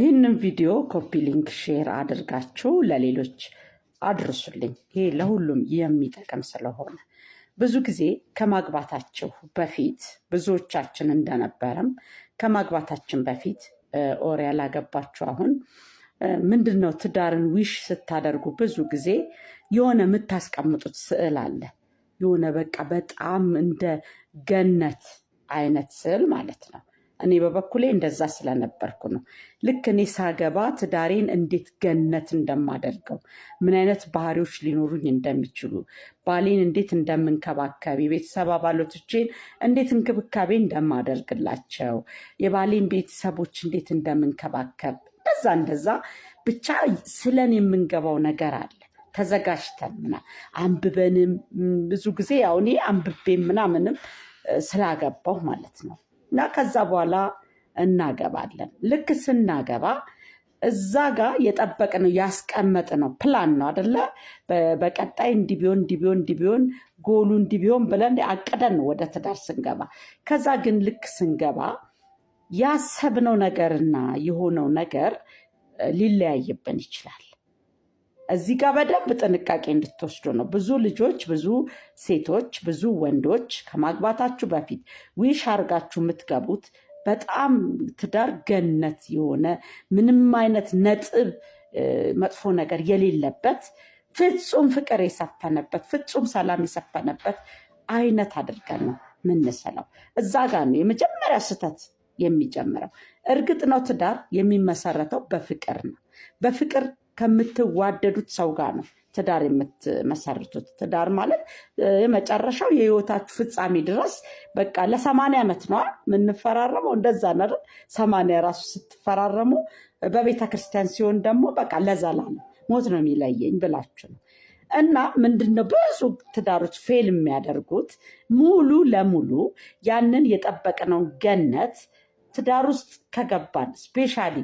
ይህንን ቪዲዮ ኮፒ ሊንክ ሼር አድርጋችሁ ለሌሎች አድርሱልኝ። ይሄ ለሁሉም የሚጠቅም ስለሆነ ብዙ ጊዜ ከማግባታችሁ በፊት ብዙዎቻችን እንደነበረም ከማግባታችን በፊት ኦር ያላገባችሁ አሁን ምንድን ነው ትዳርን ዊሽ ስታደርጉ ብዙ ጊዜ የሆነ የምታስቀምጡት ስዕል አለ። የሆነ በቃ በጣም እንደ ገነት አይነት ስዕል ማለት ነው። እኔ በበኩሌ እንደዛ ስለነበርኩ ነው። ልክ እኔ ሳገባ ትዳሬን እንዴት ገነት እንደማደርገው፣ ምን አይነት ባህሪዎች ሊኖሩኝ እንደሚችሉ፣ ባሌን እንዴት እንደምንከባከብ፣ የቤተሰብ አባሎቶቼን እንዴት እንክብካቤ እንደማደርግላቸው፣ የባሌን ቤተሰቦች እንዴት እንደምንከባከብ፣ እንደዛ እንደዛ ብቻ ስለን የምንገባው ነገር አለ ተዘጋጅተን ምና አንብበንም ብዙ ጊዜ ያው እኔ አንብቤ ምናምንም ስላገባሁ ማለት ነው እና ከዛ በኋላ እናገባለን። ልክ ስናገባ እዛ ጋር የጠበቅነው ያስቀመጥነው ፕላን ነው አደለ? በቀጣይ እንዲህ ቢሆን እንዲህ ጎሉ እንዲህ ብለን አቅደን ነው ወደ ትዳር ስንገባ። ከዛ ግን ልክ ስንገባ ያሰብነው ነገርና የሆነው ነገር ሊለያይብን ይችላል። እዚህ ጋር በደንብ ጥንቃቄ እንድትወስዱ ነው። ብዙ ልጆች፣ ብዙ ሴቶች፣ ብዙ ወንዶች ከማግባታችሁ በፊት ዊሽ አርጋችሁ የምትገቡት በጣም ትዳር ገነት የሆነ ምንም አይነት ነጥብ መጥፎ ነገር የሌለበት ፍጹም ፍቅር የሰፈነበት ፍጹም ሰላም የሰፈነበት አይነት አድርገን ነው ምንስለው። እዛ ጋር ነው የመጀመሪያ ስህተት የሚጀምረው። እርግጥ ነው ትዳር የሚመሰረተው በፍቅር ነው። በፍቅር ከምትዋደዱት ሰው ጋር ነው ትዳር የምትመሰርቱት። ትዳር ማለት የመጨረሻው የህይወታችሁ ፍጻሜ ድረስ በቃ ለሰማንያ ዓመት ነዋ የምንፈራረመው። እንደዛ ነር ሰማንያ ራሱ ስትፈራረሙ በቤተ ክርስቲያን ሲሆን ደግሞ በቃ ለዘላለም ሞት ነው የሚለየኝ ብላችሁ ነው። እና ምንድነው ብዙ ትዳሮች ፌል የሚያደርጉት ሙሉ ለሙሉ ያንን የጠበቅነው ገነት ትዳር ውስጥ ከገባን ስፔሻሊ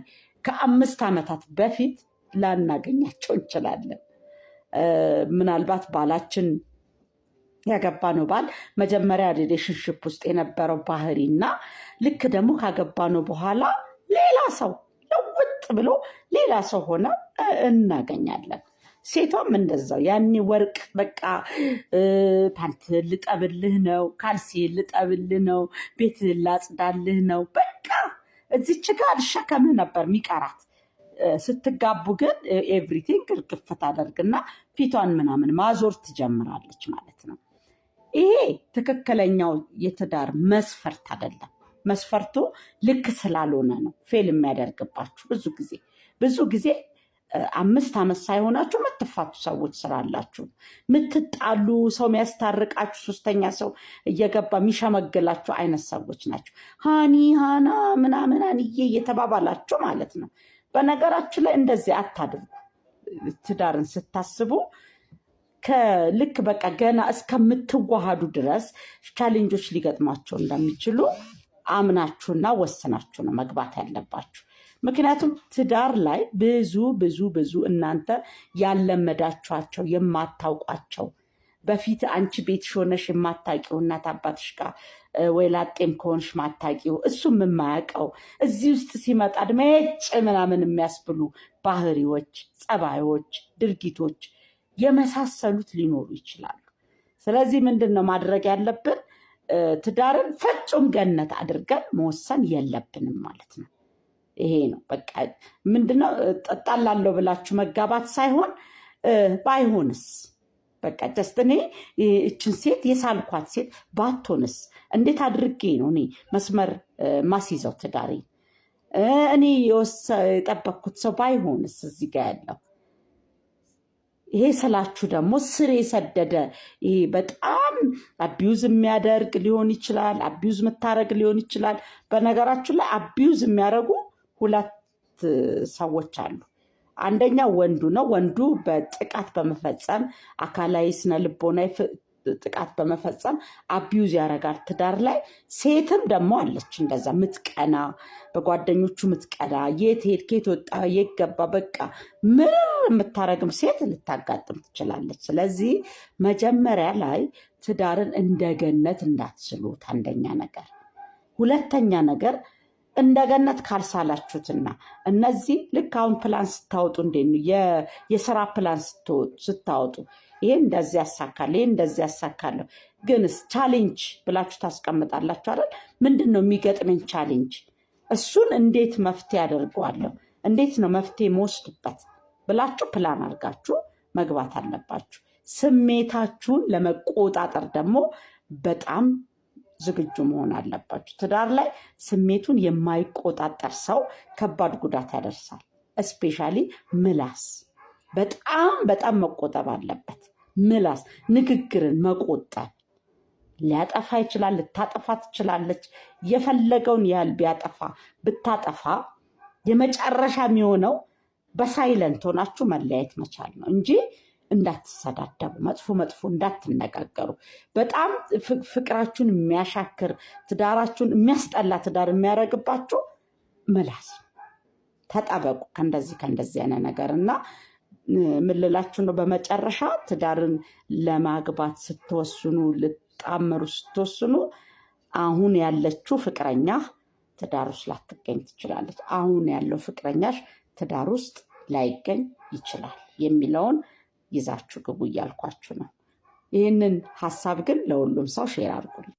ከአምስት ዓመታት በፊት ላናገኛቸው እንችላለን። ምናልባት ባላችን ያገባ ነው ባል መጀመሪያ ሪሌሽንሽፕ ውስጥ የነበረው ባህሪ እና ልክ ደግሞ ካገባ ነው በኋላ ሌላ ሰው ለውጥ ብሎ ሌላ ሰው ሆነ እናገኛለን። ሴቷም እንደዛው ያኔ ወርቅ በቃ ፓንት ልጠብልህ ነው፣ ካልሲ ልጠብልህ ነው፣ ቤት ላጽዳልህ ነው፣ በቃ እዚች ጋር ልሸከምህ ነበር ሚቀራት። ስትጋቡ ግን ኤቭሪቲንግ እርግፍ ታደርግና ፊቷን ምናምን ማዞር ትጀምራለች ማለት ነው። ይሄ ትክክለኛው የትዳር መስፈርት አይደለም። መስፈርቱ ልክ ስላልሆነ ነው ፌል የሚያደርግባችሁ። ብዙ ጊዜ ብዙ ጊዜ አምስት ዓመት ሳይሆናችሁ የምትፋቱ ሰዎች ስላላችሁ የምትጣሉ፣ ሰው የሚያስታርቃችሁ ሶስተኛ ሰው እየገባ የሚሸመግላችሁ አይነት ሰዎች ናቸው። ሃኒ ሃና ምናምን አንዬ እየተባባላችሁ ማለት ነው። በነገራችን ላይ እንደዚህ አታድርጉ። ትዳርን ስታስቡ ከልክ በቃ ገና እስከምትዋሃዱ ድረስ ቻሌንጆች ሊገጥሟቸው እንደሚችሉ አምናችሁና ወስናችሁ ነው መግባት ያለባችሁ። ምክንያቱም ትዳር ላይ ብዙ ብዙ ብዙ እናንተ ያለመዳችኋቸው የማታውቋቸው በፊት አንቺ ቤት ሾነሽ የማታቂው እናት አባትሽ ጋር ወይ ላጤም ከሆንሽ ማታቂው እሱም የማያውቀው እዚህ ውስጥ ሲመጣ ድሜጭ ምናምን የሚያስብሉ ባህሪዎች፣ ጸባዮች፣ ድርጊቶች የመሳሰሉት ሊኖሩ ይችላሉ። ስለዚህ ምንድን ነው ማድረግ ያለብን? ትዳርን ፈጹም ገነት አድርገን መወሰን የለብንም ማለት ነው። ይሄ ነው በቃ ምንድነው፣ እጣላለሁ ብላችሁ መጋባት ሳይሆን ባይሆንስ በቃ ጀስት እኔ እችን ሴት የሳልኳት ሴት ባትሆንስ እንዴት አድርጌ ነው እኔ መስመር ማስይዘው ትዳሪ እኔ የጠበቅኩት ሰው ባይሆንስ እዚህ ጋ ያለው ይሄ ስላችሁ ደግሞ ስር የሰደደ ይሄ በጣም አቢዩዝ የሚያደርግ ሊሆን ይችላል። አቢዩዝ የምታደረግ ሊሆን ይችላል። በነገራችሁ ላይ አቢዩዝ የሚያደረጉ ሁለት ሰዎች አሉ። አንደኛ ወንዱ ነው። ወንዱ በጥቃት በመፈጸም አካላዊ፣ ስነ ልቦናዊ ጥቃት በመፈጸም አቢዩዝ ያደርጋል ትዳር ላይ። ሴትም ደግሞ አለች እንደዛ ምትቀና፣ በጓደኞቹ ምትቀና፣ የት ሄድ የት ወጣ፣ የት ገባ፣ በቃ ምንም የምታረግም ሴት ልታጋጥም ትችላለች። ስለዚህ መጀመሪያ ላይ ትዳርን እንደ ገነት እንዳትስሉት፣ አንደኛ ነገር። ሁለተኛ ነገር እንደ ገነት ካልሳላችሁትና እነዚህ ልክ አሁን ፕላን ስታወጡ እንዴ የስራ ፕላን ስታወጡ ይሄ እንደዚህ ያሳካለሁ ይሄ እንደዚህ ያሳካለሁ፣ ግንስ ቻሌንጅ ብላችሁ ታስቀምጣላችሁ አይደል? ምንድን ነው የሚገጥመኝ ቻሌንጅ፣ እሱን እንዴት መፍትሄ አደርገዋለሁ፣ እንዴት ነው መፍትሄ መወስድበት ብላችሁ ፕላን አድርጋችሁ መግባት አለባችሁ። ስሜታችሁን ለመቆጣጠር ደግሞ በጣም ዝግጁ መሆን አለባችሁ። ትዳር ላይ ስሜቱን የማይቆጣጠር ሰው ከባድ ጉዳት ያደርሳል። እስፔሻሊ ምላስ በጣም በጣም መቆጠብ አለበት። ምላስ ንግግርን መቆጠብ ሊያጠፋ ይችላል። ልታጠፋ ትችላለች። የፈለገውን ያህል ቢያጠፋ ብታጠፋ የመጨረሻ የሚሆነው በሳይለንት ሆናችሁ መለያየት መቻል ነው እንጂ እንዳትሰዳደቡ፣ መጥፎ መጥፎ እንዳትነጋገሩ። በጣም ፍቅራችሁን የሚያሻክር ትዳራችሁን የሚያስጠላ ትዳር የሚያደርግባችሁ ምላስ ተጠበቁ ከእንደዚህ ከእንደዚህ አይነት ነገር እና ምልላችሁ ነው። በመጨረሻ ትዳርን ለማግባት ስትወስኑ፣ ልጣመሩ ስትወስኑ አሁን ያለችው ፍቅረኛ ትዳር ውስጥ ላትገኝ ትችላለች። አሁን ያለው ፍቅረኛሽ ትዳር ውስጥ ላይገኝ ይችላል የሚለውን ይዛችሁ ግቡ እያልኳችሁ ነው። ይህንን ሀሳብ ግን ለሁሉም ሰው ሼር አድርጉልኝ።